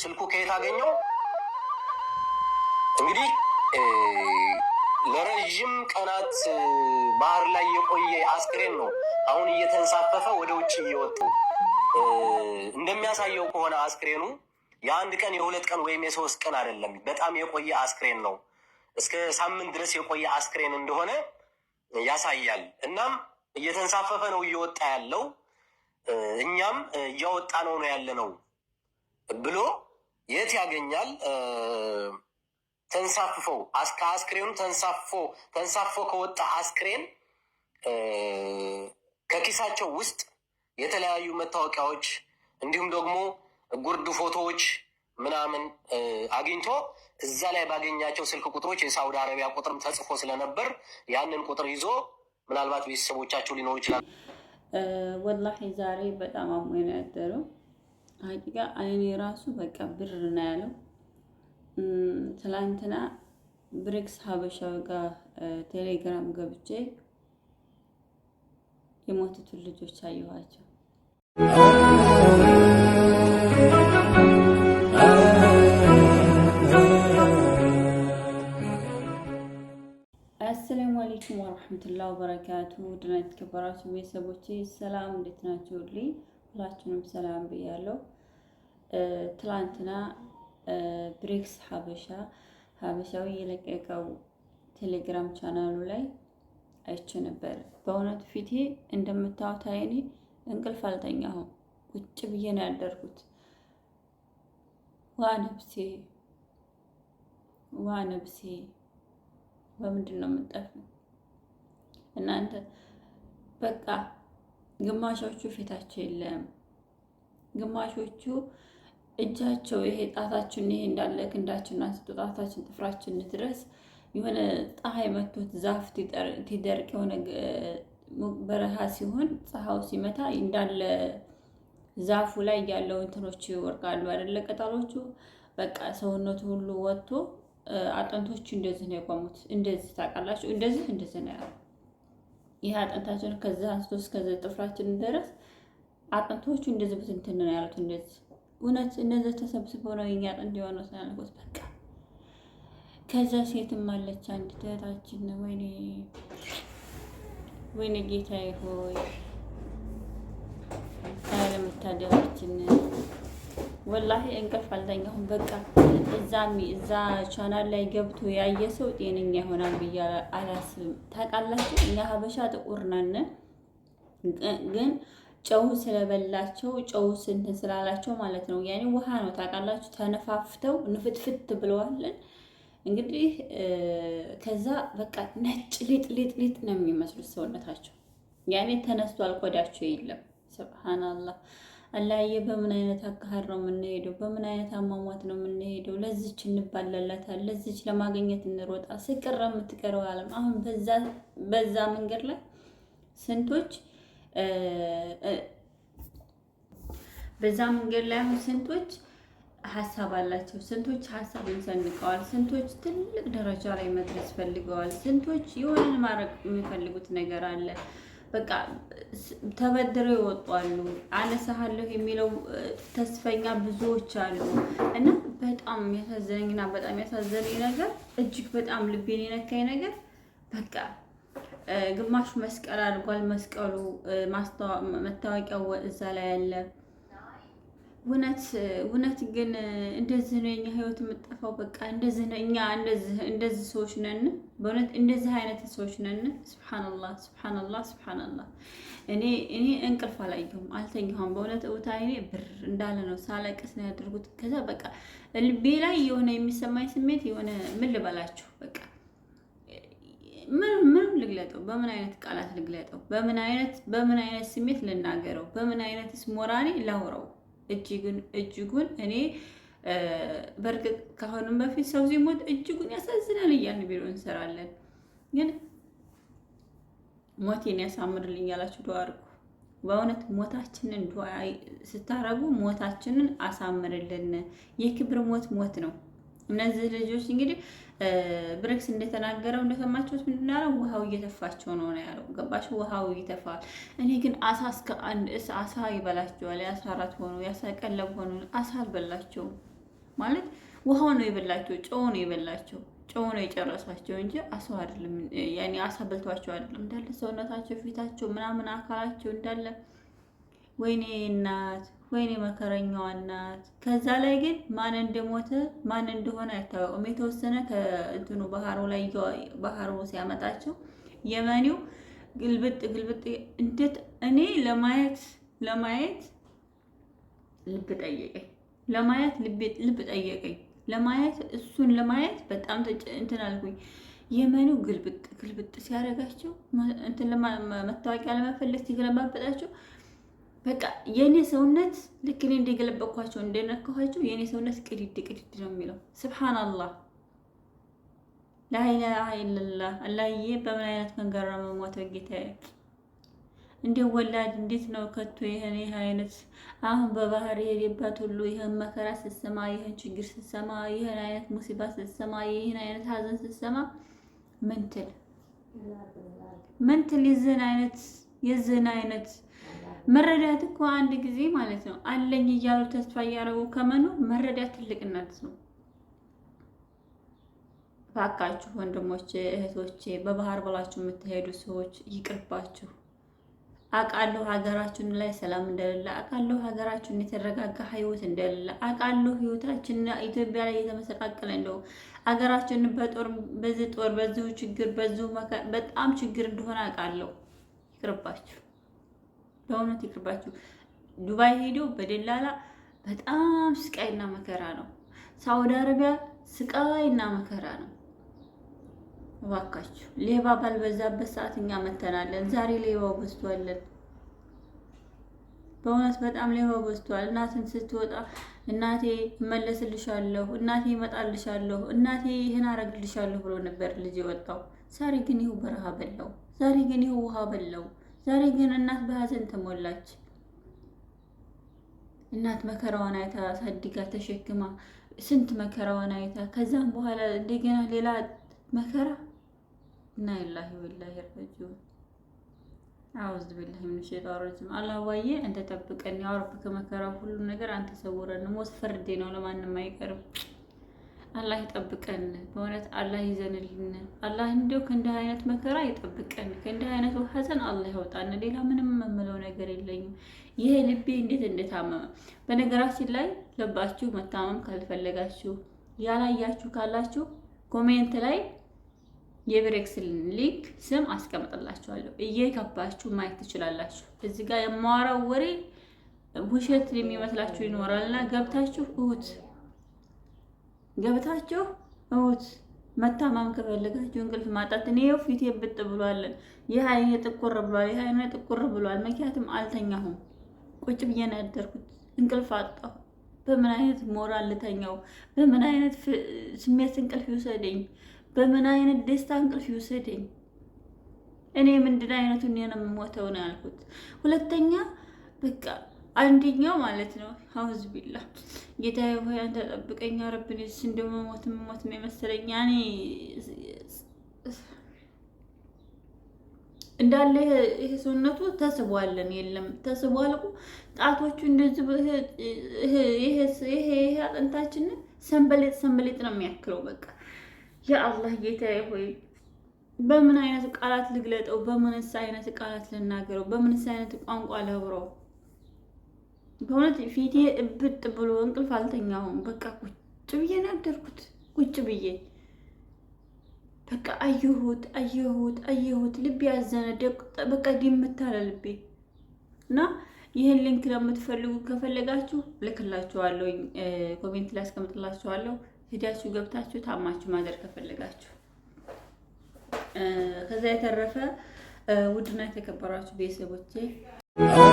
ስልኩ ከየት አገኘው? እንግዲህ ለረዥም ቀናት ባህር ላይ የቆየ አስክሬን ነው አሁን እየተንሳፈፈ ወደ ውጭ እየወጡ እንደሚያሳየው ከሆነ አስክሬኑ የአንድ ቀን የሁለት ቀን ወይም የሶስት ቀን አይደለም። በጣም የቆየ አስክሬን ነው። እስከ ሳምንት ድረስ የቆየ አስክሬን እንደሆነ ያሳያል። እናም እየተንሳፈፈ ነው እየወጣ ያለው። እኛም እያወጣ ነው ነው ያለ ነው። ብሎ የት ያገኛል? ተንሳፍፎ ከአስክሬኑ ተንሳፎ ተንሳፎ ከወጣ አስክሬን ከኪሳቸው ውስጥ የተለያዩ መታወቂያዎች እንዲሁም ደግሞ ጉርድ ፎቶዎች ምናምን አግኝቶ እዛ ላይ ባገኛቸው ስልክ ቁጥሮች የሳውዲ አረቢያ ቁጥርም ተጽፎ ስለነበር ያንን ቁጥር ይዞ ምናልባት ቤተሰቦቻቸው ሊኖሩ ይችላል። ወላሂ ዛሬ በጣም አሞኝ ነው ያደረው። ሀቂቃ አይኔ ራሱ በቃ ብር ነው ያለው። ትላንትና ብሪክስ ሀበሻው ጋር ቴሌግራም ገብቼ የሞቱትን ልጆች አየኋቸው። አሰላሙ አለይኩም ወረህመቱላህ ወበረካቱ። ድና የተከበራችሁ ቤተሰቦቼ ሰላም፣ እንዴት ናችሁልኝ? ሁላችሁንም ሰላም ብያለሁ። ትላንትና ብሬክስ ሀበሻ ሀበሻዊ የለቀቀው ቴሌግራም ቻናሉ ላይ አይቼ ነበር። በእውነቱ ፊቴ እንደምታዩት አይኔ እንቅልፍ አልተኛሁም። ቁጭ ብዬ ነው ያደርጉት። ዋ ነብሴ፣ ዋ ነብሴ፣ በምንድን ነው የምጠፋው? እናንተ በቃ ግማሾቹ ፊታቸው የለም፣ ግማሾቹ እጃቸው ይሄ ጣታችን ይሄ እንዳለ ክንዳችን አንስቶ ጣታችን ጥፍራችን ድረስ የሆነ ፀሐይ መቶት ዛፍ ትደርቅ የሆነ በረሃ ሲሆን ፀሐው ሲመታ እንዳለ ዛፉ ላይ ያለው እንትኖች ይወርቃሉ አይደለ? ቅጠሎቹ በቃ ሰውነቱ ሁሉ ወጥቶ አጥንቶቹ እንደዚህ ነው የቆሙት። እንደዚህ ታውቃላችሁ፣ እንደዚህ እንደዚህ ነው ያሉ ይህ አጥንታችን ከዚህ አንስቶ እስከዚህ ጥፍራችን ድረስ አጥንቶቹ እንደዚህ ብትንትን ነው ያሉት እንደዚህ እውነት እነዚያ ተሰብስበው ነው የኛ ጥንድ የሆነ ስላልኩት በቃ ከዛ ሴትም አለች አንድ ትህታችን ወይኔ ወይኔ ጌታዬ ሆይ ለመታደራችን ወላሂ እንቅልፍ አልተኛሁም። በቃ እዛም እዛ ቻናል ላይ ገብቶ ያየ ሰው ጤነኛ ይሆናል ብዬ አላስብም። ታውቃላችሁ እኛ ሀበሻ ጥቁር ነን ግን ጨው ስለበላቸው ጨው እንትን ስላላቸው ማለት ነው። ያኔ ውሃ ነው ታውቃላችሁ። ተነፋፍተው ንፍትፍት ብለዋለን። እንግዲህ ከዛ በቃ ነጭ ሊጥ ሊጥ ሊጥ ነው የሚመስሉት ሰውነታቸው። ያኔ ተነስቷል፣ ቆዳቸው የለም። ስብሓናላህ አላየ። በምን አይነት አካሄድ ነው የምንሄደው? በምን አይነት አሟሟት ነው የምንሄደው? ለዚች እንባለላታል፣ ለዚች ለማግኘት እንሮጣ። ስቅር የምትቀረው አለም አሁን በዛ መንገድ ላይ ስንቶች በዛ መንገድ ላይ አሁን ስንቶች ሀሳብ አላቸው፣ ስንቶች ሀሳብ ሰንቀዋል፣ ስንቶች ትልቅ ደረጃ ላይ መድረስ ፈልገዋል፣ ስንቶች የሆነን ማድረግ የሚፈልጉት ነገር አለ። በቃ ተበድረው ይወጧሉ። አነሳሃለሁ የሚለው ተስፈኛ ብዙዎች አሉ እና በጣም ያሳዘነኝና በጣም ያሳዘነኝ ነገር እጅግ በጣም ልቤን የነካኝ ነገር በቃ ግማሹ መስቀል አድርጓል። መስቀሉ መታወቂያው እዛ ላይ አለ። እውነት እውነት ግን እንደዚህ ነው የኛ ህይወት የምጠፋው። በቃ እንደዚህ ነው እኛ እንደዚህ ሰዎች ነን። በእውነት እንደዚህ አይነት ሰዎች ነን። ስብሓንላህ ስብሓንላህ ስብሓንላህ። እኔ እኔ እንቅልፍ አላየሁም አልተኛሁም። በእውነት እውታ እኔ ብር እንዳለ ነው ሳለቅስ ነው ያደርጉት። ከዛ በቃ ልቤ ላይ የሆነ የሚሰማኝ ስሜት የሆነ ምን ልበላችሁ በቃ ምን ምን ልግለጠው? በምን አይነት ቃላት ልግለጠው? በምን አይነት በምን አይነት ስሜት ልናገረው? በምን አይነትስ ሞራሌ ላውረው? እጅጉን እጅጉን እኔ በእርግጥ ከአሁንም በፊት ሰው ሲሞት እጅጉን ያሳዝናል እያልን ቢሮ እንሰራለን። ግን ሞቴን ያሳምርልኝ ያላችሁ ዱዓ አድርጉ። በእውነት ሞታችንን ዱዓ ስታረጉ ሞታችንን አሳምርልን። የክብር ሞት ሞት ነው። እነዚህ ልጆች እንግዲህ ብሬክስ እንደተናገረው እንደሰማችሁት ምንድን ውሃው እየተፋቸው ነው ነው ያለው። ገባሽ? ውሃው ይተፋል። እኔ ግን አሳ እስከ አንድ እስ አሳ ይበላቸዋል። የአሳ አራት ሆኑ፣ የአሳ ቀለብ ሆኑ። አሳ አልበላቸውም ማለት ውሃው ነው የበላቸው፣ ጨው ነው የበላቸው ጨው ነው የጨረሳቸው እንጂ አሳው አይደለም። ያኔ አሳ በልቷቸው አይደለም። እንዳለ ሰውነታቸው፣ ፊታቸው፣ ምናምን አካላቸው እንዳለ ወይኔ እናት ወይኔ መከረኛዋ እናት። ከዛ ላይ ግን ማን እንደሞተ ማን እንደሆነ አይታወቅም። የተወሰነ ከእንትኑ ባህሩ ላይ ባህሩ ሲያመጣቸው የመኒው ግልብጥ ግልብጥ እንዴት እኔ ለማየት ለማየት ልብ ጠየቀኝ፣ ለማየት ልብ ጠየቀኝ፣ ለማየት እሱን ለማየት በጣም እንትን አልኩኝ። የመኒው ግልብጥ ግልብጥ ሲያደርጋቸው እንትን መታወቂያ ለመፈለግ ሲገለባበጣቸው በቃ የእኔ ሰውነት ልክ እኔ እንደገለበኳቸው እንደነካኋቸው የእኔ ሰውነት ቅድድ ቅድድ ነው የሚለው። ስብሓናላህ ላይላ ይለላ አላህዬ፣ በምን አይነት መንገድ ነው መሞተው ጌታዬ? እንዴ ወላድ እንዴት ነው ከቶ ይህን ይህ አይነት አሁን በባህር የሄደባት ሁሉ ይህን መከራ ስትሰማ፣ ይህን ችግር ስትሰማ፣ ይህን አይነት ሙሲባ ስትሰማ፣ ይህን አይነት ሀዘን ስትሰማ ምንትል ምንትል የዝህን አይነት የዝህን አይነት መረዳት እኮ አንድ ጊዜ ማለት ነው አለኝ እያሉ ተስፋ እያደረጉ ከመኖር መረዳት ትልቅነት ነው። ባካችሁ ወንድሞቼ፣ እህቶቼ በባህር ብላችሁ የምትሄዱ ሰዎች ይቅርባችሁ። አቃለሁ ሀገራችን ላይ ሰላም እንደሌለ አቃለሁ። ሀገራችን የተረጋጋ ህይወት እንደሌለ አቃለሁ። ህይወታችን ኢትዮጵያ ላይ እየተመሰቃቀለ እንደው ሀገራችን በጦር በዚህ ጦር በዚሁ ችግር በዚሁ በጣም ችግር እንደሆነ አቃለሁ። ይቅርባችሁ። በእውነት ይቅርባችሁ። ዱባይ ሄደው በደላላ በጣም ስቃይና መከራ ነው። ሳውዲ አረቢያ ስቃይና መከራ ነው። እባካችሁ ሌባ ባልበዛበት ሰዓት እኛ መተናለን። ዛሬ ሌባው በዝቷለን። በእውነት በጣም ሌባው በዝቷል። እናትን ስትወጣ እናቴ እመለስልሻለሁ፣ እናቴ እመጣልሻለሁ፣ እናቴ ይህን አረግልሻለሁ ብሎ ነበር ልጅ የወጣው። ዛሬ ግን ይኸው በረሃ በላው። ዛሬ ግን ይኸው ውሃ በላው። ዛሬ ግን እናት በሀዘን ተሞላች። እናት መከራዋን አይታ ሳድጋ ተሸክማ ስንት መከራዋን አይታ ከዛም በኋላ እንደገና ሌላ መከራ እና ኢላሂ ወላሂ ረጁ አውዝ ቢላሂ ሚነ ሸይጣን ረጂም። አላህ ዋዬ አንተ ጠብቀን፣ ያው ረብ ከመከራው ሁሉ ነገር አንተ ሰውረን። ሞት ፍርድ ነው፣ ለማንም አይቀርም። አላህ ይጠብቀን። በእውነት አላህ ይዘንልን። አላህ እንዲሁ ከእንዲህ አይነት መከራ ይጠብቀን፣ ከእንዲህ አይነቱ ሀዘን አላህ ይወጣን። ሌላ ምንም የምለው ነገር የለኝም። ይሄ ልቤ እንዴት እንደታመመ በነገራችን ላይ ልባችሁ መታመም ካልፈለጋችሁ ያላያችሁ ካላችሁ ኮሜንት ላይ የብሬክስልን ሊንክ ስም አስቀምጥላችኋለሁ ከባችሁ ማየት ትችላላችሁ። እዚህ ጋር የማወራው ወሬ ውሸት የሚመስላችሁ ይኖራልና ገብታችሁ እሁት ገብታችሁ እውት መታመም ከፈለጋችሁ እንቅልፍ ማጣት እኔ ይኸው ፊቴ ብጥ ብሏል። ይህ አይኔ ጥቁር ብሏል። ይህ አይኔ ጥቁር ብሏል። ምክንያቱም አልተኛሁም፣ ቁጭ ብዬ ነው ያደርኩት። እንቅልፍ አጣሁ። በምን አይነት ሞራል ልተኛው? በምን አይነት ስሜት እንቅልፍ ይውሰደኝ? በምን አይነት ደስታ እንቅልፍ ይውሰደኝ? እኔ ምንድን አይነቱን ነው የምሞተው ነው ያልኩት። ሁለተኛ በቃ አንደኛው ማለት ነው። ሀውዝ ቢላ ጌታ ሆይ አንተ ጠብቀኝ። ረብን ስ እንደ ሞት ሞት የመሰለኝ ያኔ እንዳለ ይሄ ሰውነቱ ተስቧለን የለም ተስቧል ጣቶቹ እንደዚህ ይሄ ሰንበሌጥ ሰንበሌጥ ነው የሚያክለው። በቃ የአላህ ጌታ ሆይ በምን አይነት ቃላት ልግለጠው? በምንስ አይነት ቃላት ልናገረው? በምንስ አይነት ቋንቋ ለብረው በእውነት ፊቴ እብጥ ብሎ እንቅልፍ አልተኛሁም። በቃ ቁጭ ብዬ ናደርኩት። ቁጭ ብዬ በቃ አየሁት አየሁት አየሁት። ልቤ ያዘነ በቃ ድምት ልቤ። እና ይህን ሊንክ ለምትፈልጉ ከፈለጋችሁ ልክላችኋለሁ፣ ኮሜንት ላይ አስቀምጥላችኋለሁ። ሂዳችሁ ገብታችሁ ታማችሁ ማደር ከፈለጋችሁ። ከዛ የተረፈ ውድና የተከበራችሁ ቤተሰቦቼ